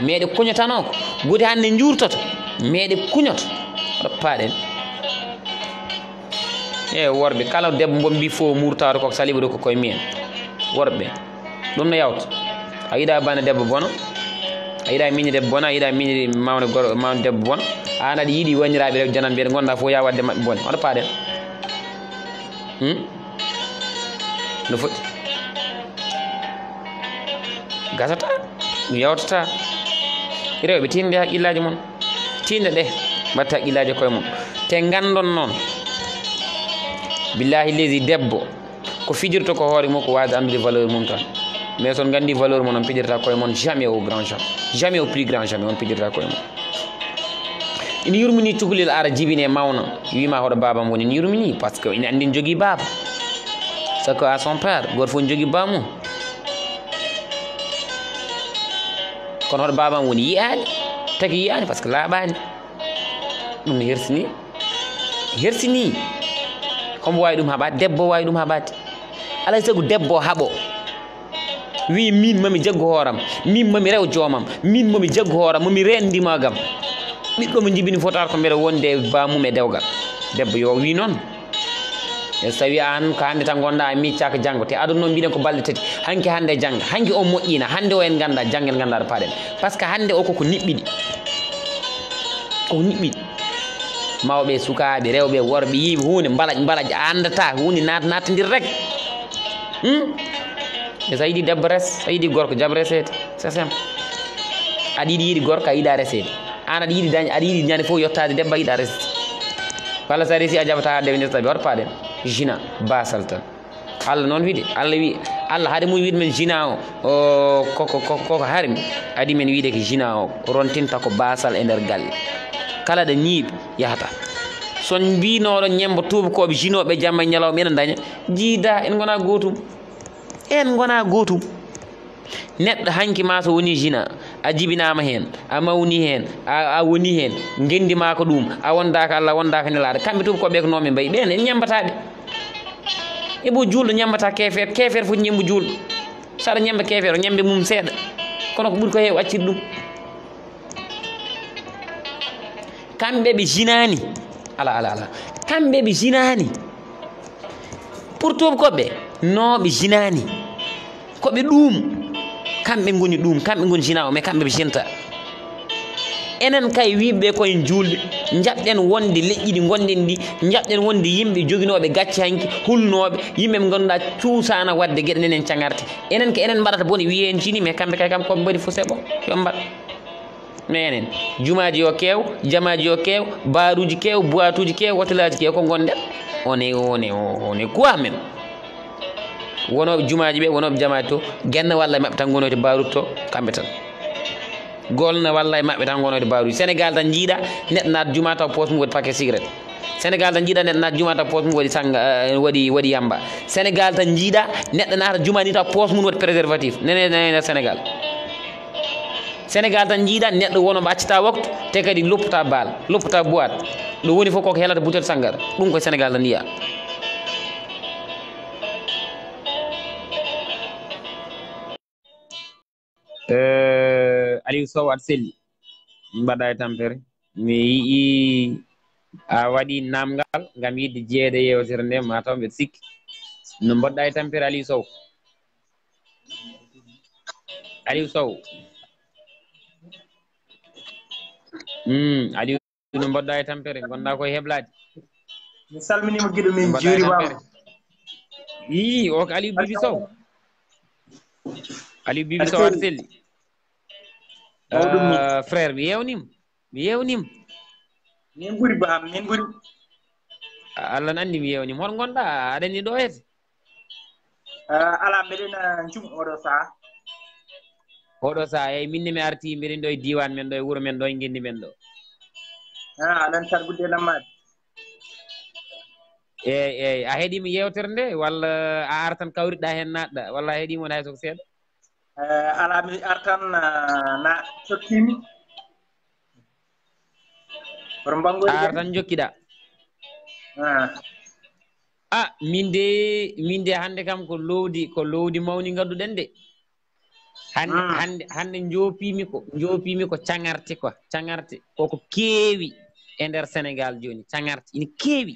meɗe kuñotano ko gude hannde jurtoto meɗe kuñoto oɗo paaɗen e worɓe kala debbo mbo mbi fof murtaro koko saliɓe ɗo ko koye mien worɓe ɗum no yawta a yiɗa bana debbo bono a yiɗa miñe debbo bona a yiɗa miñe mawne goro mawne debbo bona an aɗa yiiɗi wañiraɓe rew janan mbiyeɗe gonɗa fo ya wadde mabɓe bone oɗo paaɗen hmm? no foti gasata ɗum yawtata rewɓe tinde ha qillaji mum tinde ɗe mbatta qillaji koye mum te gandon noon billahi leydi debbo ko fijirta ko hoore mum ko wasde andude valeur mum tan mais son gandi valeur mon on pijirta koye mon jamais au grand jamais jamais au plus grand jamais on pijirta koye mum ina yurmini cukalel ara jibine mawna wima hoɗo babam woni ina yurmini par ce que ina andi jogui baba sako à son père goto foof ne jogui bamum kono hoto babam woni yiyani tagui yiyani par ce que laaɓani ɗum ne hersini hersini hombo wawi ɗum haɓade debbo wawi ɗum haɓade alay saago debbo haaɓo wi min mami jaggu hooram min mami rew joomam min momi jaggu hooram momi rendima gam ɓiɗɗo mo jibini fotar ko mbeɗa wonde bamum e dewgal debbo yo wi noon so tawi an ko hande tan gonɗa miccaka janggo te aɗa noon mbiɗen ko balɗe tati hanki hande janga hanki o moƴƴina hande o en ganda jangel ganda paɗen paden parce que hande o ko niɓɓiɗi koko niɓɓiɗi mawɓe sukaɓe rewɓe rewbe worbe hunde mbalaj balaj balaj andata nat natadir rek hmm? e sa dabres saydi sa gorko jabreset c'est simple adidi yidi yiɗi gorko a yiɗa resede an adidi yiɗi aɗa yiɗi ñande fof yettade debbo sa resi a jaɓata debbe ndesa tawi war paden jina basalta tan allah non vide, allah wi allah haade mum wiide men jina o koko harmi adi men wiide ko jina o rontinta ko basal e nder galle kala ɗa ñiiɓe yahata son mbinoɗo ñembo tubakoɓe jinoɓe jamma e ñalawma ene daña jiida en gona gotum en gona gotum neɗɗo hanki ma so woni jina a jibinama hen a mawni hen a woni hen gendima ko ɗum a wondaka allah wondaka ñalade kamɓe tubakoɓe ko nomi mbayi ɓen en ñambataɓe be. ebo juulɗo ñammata kefere kefere foti ñembo juulɗo saɗa ñemba kefere o ñembe mum seeɗa kono ko ɓuuri ko hew accide ɗum kamɓe ɓe jinani ala ala ala kamɓe ɓe jinani pour tobakoɓɓe noɓe jinani koɓe ɗum kamɓe goni ɗum kamɓe goni jina o mais kamɓe ɓe jinta enen kay wiɓeɓe koyen julde jaɓɗen wonde leƴƴi ɗi gonɗen ɗi jaɓɗen wonde yimɓe joguinoɓe gacci hanki hulnoɓe yimɓe ɓe ganduɗa cuusana wadde gueɗe nenen cagarte enen ko enen mbaɗata boni wiyen cini mais kamɓe kay kam koɓe mbaɗi fo seeɓo yo mbaɗ mais enen jumaji yo kew jamaji yo kew baruji kew boit uji kew wotelaji kew ko gonɗen one one one quoi men wonoɓe jumaji ɓe wonoɓe jamaji to guenna walla e mabɓe tan gonoyde barude to kamɓe tan golna wallay maɓɓe tan gonode baruji sénégal tan jiiɗa neɗɗo nat juma taw poste mum waɗi paquet cigrette sénégal tan jiiɗa neɗɗo nata juma taw poste mum waɗi sang eh, waɗi waɗi yamba sénégal tan jiiɗa neɗɗo nata juma ni taw poste mum waɗi préservatif nene nene sénégal sénégal tan jiiɗa neɗɗo wonoɓe accita waktu te kadi loppota bal loppota boite ɗo woni foof koko helata butel sangar ɗum koye sénégal tan jiiya e eh, aliou sow aɗa selli mbaɗɗa e tampere mi yii a waɗi namgal ngam yidde jeeɗe e yewtere nde mataw mbeɗa sikki no mbaɗɗa e tampere aliou sow aliou sow hmm, aliou no mbaɗɗa e tampere gonɗa koye heblade mi salminima giɗo min juurimama i o ko aliou bibi sow aliou bibi sow aɗa selli Eh, frère mi yewnima mi yewnima min ɓuuri baam min ɓuuri ah, allah ne anndi mi yewnima hoto gonɗa aɗani ɗo heede eh, ala mbeɗen cum eh, oɗo saha oɗo saha eyyi minni mi arti mbiɗen ɗo e diwan men ɗo e wuuro men ɗo e guindi men ɗo aɗan sargude lammaɗi eyyi eyyi a heeɗima yewtere nde walla a ar tan kawriɗa hen natɗa walla a heeɗima won hay soko seeɗa Eh, alami artan eh, na cokim perempuan gue artan jokkiɗa a ah ah minde minde hande kam ko lowdi ko lowdi mawni ngadduɗen de hannde hande hannde joopimi ko joopimi ko caŋarte quoi caŋarte koko keewi e nder senegal jooni caŋarte ina kewi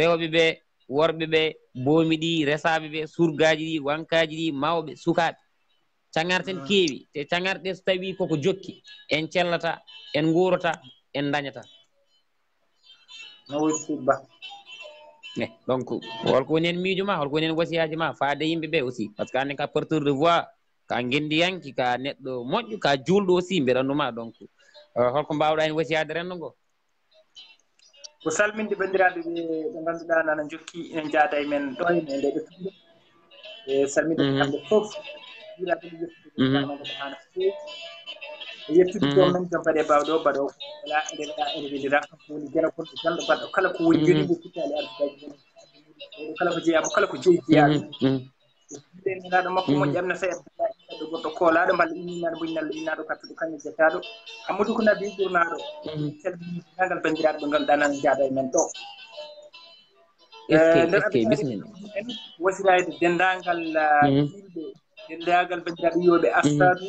rewɓe ɓe worɓe ɓe bomidi resa bebe surga surgaaji wangka wankaaji mau mawɓe cagarten ah. keewi te cagarɗe so tawi koko jokki en cellata en guurata en dañata nowosiba e donc holko woni en miijo ma holko woni en wasiyaji ma faade yimɓe ɓe aussi par ce que annen ka porteur de voix ka guendiyanki ka neɗɗo moƴƴo ka juulɗo aussi mbiranduma donc euh, holko mbawɗa hen wasiyade rendo ngo ko salminde bandiraɓe ɓe ɓe ganduɗa nana jokki ene jaada e men ɗo ene nde ɗo tuɗo e salminde mhm. kamɓe fof juulaɓeɗ yettude mhm. yettude jomen mhm. jom baɗe bawɗo baɗo wala ɗeɗa rewidira woni jara konɗo janɗo baɗɗo kala ko woni mhm. jonigo futtali ardugaji kala ko jeeyamo kala ko jeyi jeeyaɗo inaɗo makko moƴƴi amna sa ɗo goɗɗo koolaɗo mballa ininaɗo moƴinaɗo inaɗo kattuɗo kañƴe jettaɗo amadou ko nabi ɓurnaɗo calminagal bandiraɗo ɓe ngalɗa nan jaada e men ɗo eh, nder wasirade dendagal jilɓe dendagal bandiriyoɓe mm-hmm. astadu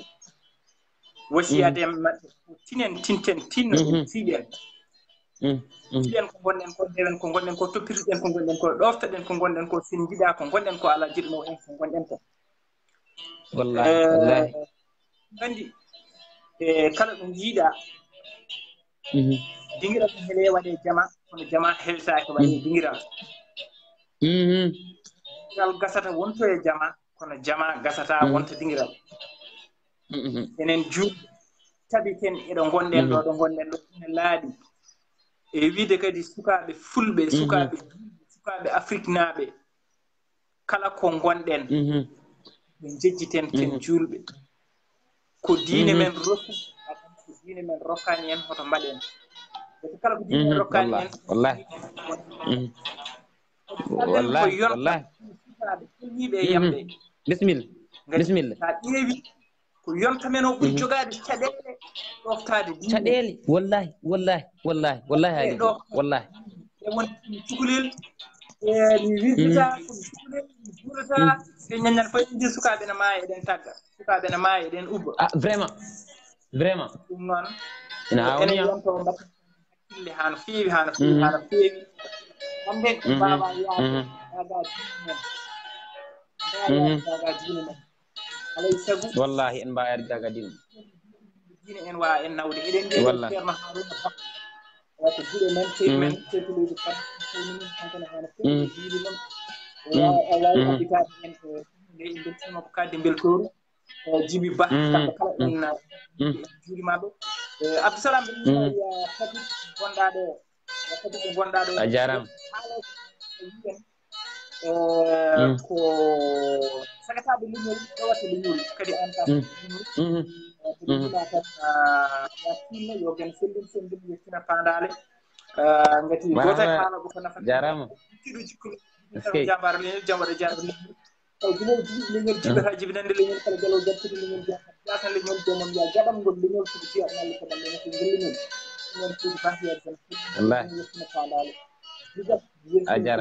wasiyade maɓɓe mm-hmm. ko tinen tinten tinno mm-hmm. siɗen siɗen ko gonɗen ko ndewen ko gonɗen ko toppirɗen ko gonɗen ko ɗoftoɗen ko gonɗen ko sin jiɗa ko gonɗen ko ala jiɗno en ko gonɗen ko eh, gandi e eh, kala ɗo jiiɗa dingira ko hele waɗe jama kono jama helsaki waɗe dingiral ngal gasata wonto e jama kono jama gasata wonta dingiral enen juuɗ tabiten eɗo gonɗen ɗo ɗo gonɗen ɗo ene laaɗi e wiide kadi sukaaɓe fulɓe sukaaɓe sukaaɓe afrique naaɓe kala ko gonɗen ɓe jejjiten ten juulɓe ko diine men rokku ko diine men rokkaani en hoto mbaɗen ɓe kala ko diine rokkaani en wallahi wallahi wallahi sukaaɓe fulwiiɓe yamɓe bisimilla bisimilla sa ƴeewi ko yonta men o ɓuri mhm. jogaade caɗeele ɗoftaade caɗeele wallahi wallahi wallahi wallahi haali wallahi e won cukalel e mi wisita ko mhm. cukalel mi jurata ɓe mhm. ñañan fayidi sukaaɓe ne maaya eɗen tagga sukaaɓe ne maaya eɗen ubba a ah, vraiment vraiment ɗum noon ene hawni yonto mbatakille haa no feewi haa no feewi haa no feewi hannde mbawa yaade aadaaji men yardaga diina bayar alay saago wallahi en mbawa yardaga diina en en nawde é, hum. com. Sabe, sabe, Linho, eu acho Linho, fica de anta. Linho, Linho, na fina, eu ganho sendin sendin, eu fina pandale. Ngati, gota e fana, gota na fana. Jarama. Kido jikulu, jambar, Linho, jambar, jambar, Linho. Linho, Linho, jibe ha jibinande Linho, kala Iya, iya, iya. ajar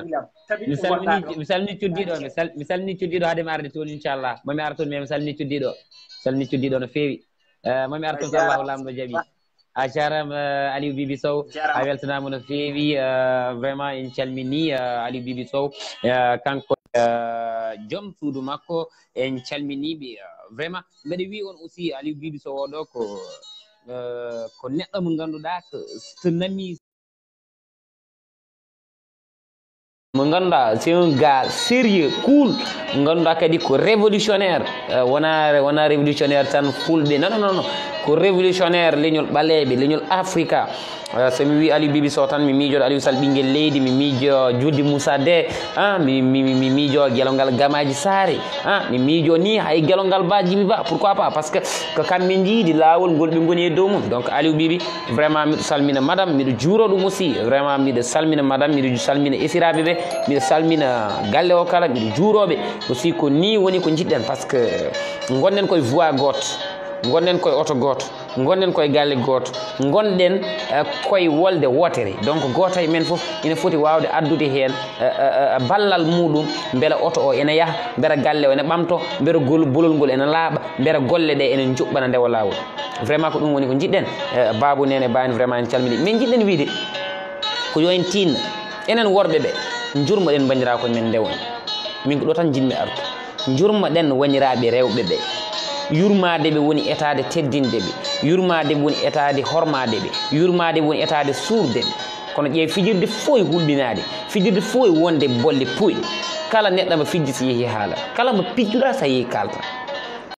misal ni misal ni cuddiɗo misal misal ni do haade mi arde toon inchallah mami mi toon mais misal ni cuddiɗo misal ni cuddiɗo no feewi eh, mami ara toon so allahu lamɗo jaaɓi a jarama eh, aliou bibi sow a weltanama no feewi eh, vraiment en calmini aliou bibi sow ya, kanko joom suudu makko en calminiɓe vraiment mbeɗa wi on aussi aliou bibi sow oɗo ko ko neɗɗo mo ngannduɗaa so nami mo ganduɗa c'est un gas sérieux cool mo ganduɗa kadi ko révolutionnaire euh, wona wona révolutionnaire tan fulɓe non non non ko révolutionnaire leñol ɓaleɓe leñol africa ah, so mi wi aliou bibi so tan mi miijoɗo aliou sall ɓinguel leydi mi miijo juddi moussa de ah, mi miijo guelol ngal gamaji saare ah, mi miijo ni hay guelol ngal ba djibi ba pourquoi pas par ce que ko kamɓe jiidi lawol ngol ɓe goni e dow mum donc aliou bibi vraiment miɗo salmina madame miɗo juuro ɗum aussi vraiment miɗo salmina madame miɗo salmina esiraɓe ɓe miɗo salmina galle o kala miɗo juuroɓe aussi ko ni woni ko jiɗɗen par ce que gonɗen koye voix goto gonɗen koye oto goto gonɗen koye galle goto gonɗen eh, koye wolde wotere donc goto e men foof ina foti wawde addude hen eh, eh, ballal muɗum beele oto o ene yaaha beere galle o ene ɓamto beere bololngol ene laaɓa beere golle ɗe ene juɓɓana ndewa lawol vraiment ko ɗum woni ko jiɗɗen babou nene bani vraiment en calmini min jiɗɗen wiide ko yo en tinna enen worɓe ɓe jurmaɗen bandirakoye men ndewon min ko ɗo tan jinmi artu jurma ɗen wañiraɓe rewɓe ɓe yurmade ɓe woni étade teddinde ɓe yurmade woni étade hormade ɓe yurmade woni étade suurde ɓe kono ƴeew fijirde foof e hulɗinade fijirde foof e wonde bolle puyɗe kala neɗɗo mo fijji so yeehi haala kala mo piccuɗa so yeehi kalta